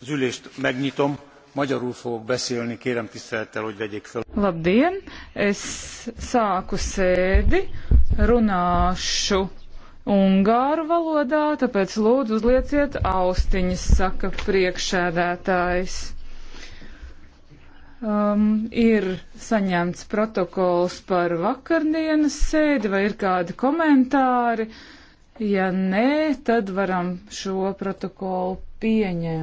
Az ülést megnyitom, magyarul fogok beszélni, kérem tisztelettel, hogy vegyék fel. Labdien, es sāku sēdi, runāšu ungāru valodā, tāpēc lūdzu uzlieciet austiņas, saka priekšēdētājs. Um, ir saņemts protokols par vakardienas sēdi vai ir kādi komentāri? Ja nē, tad varam šo protokolu pieņemt.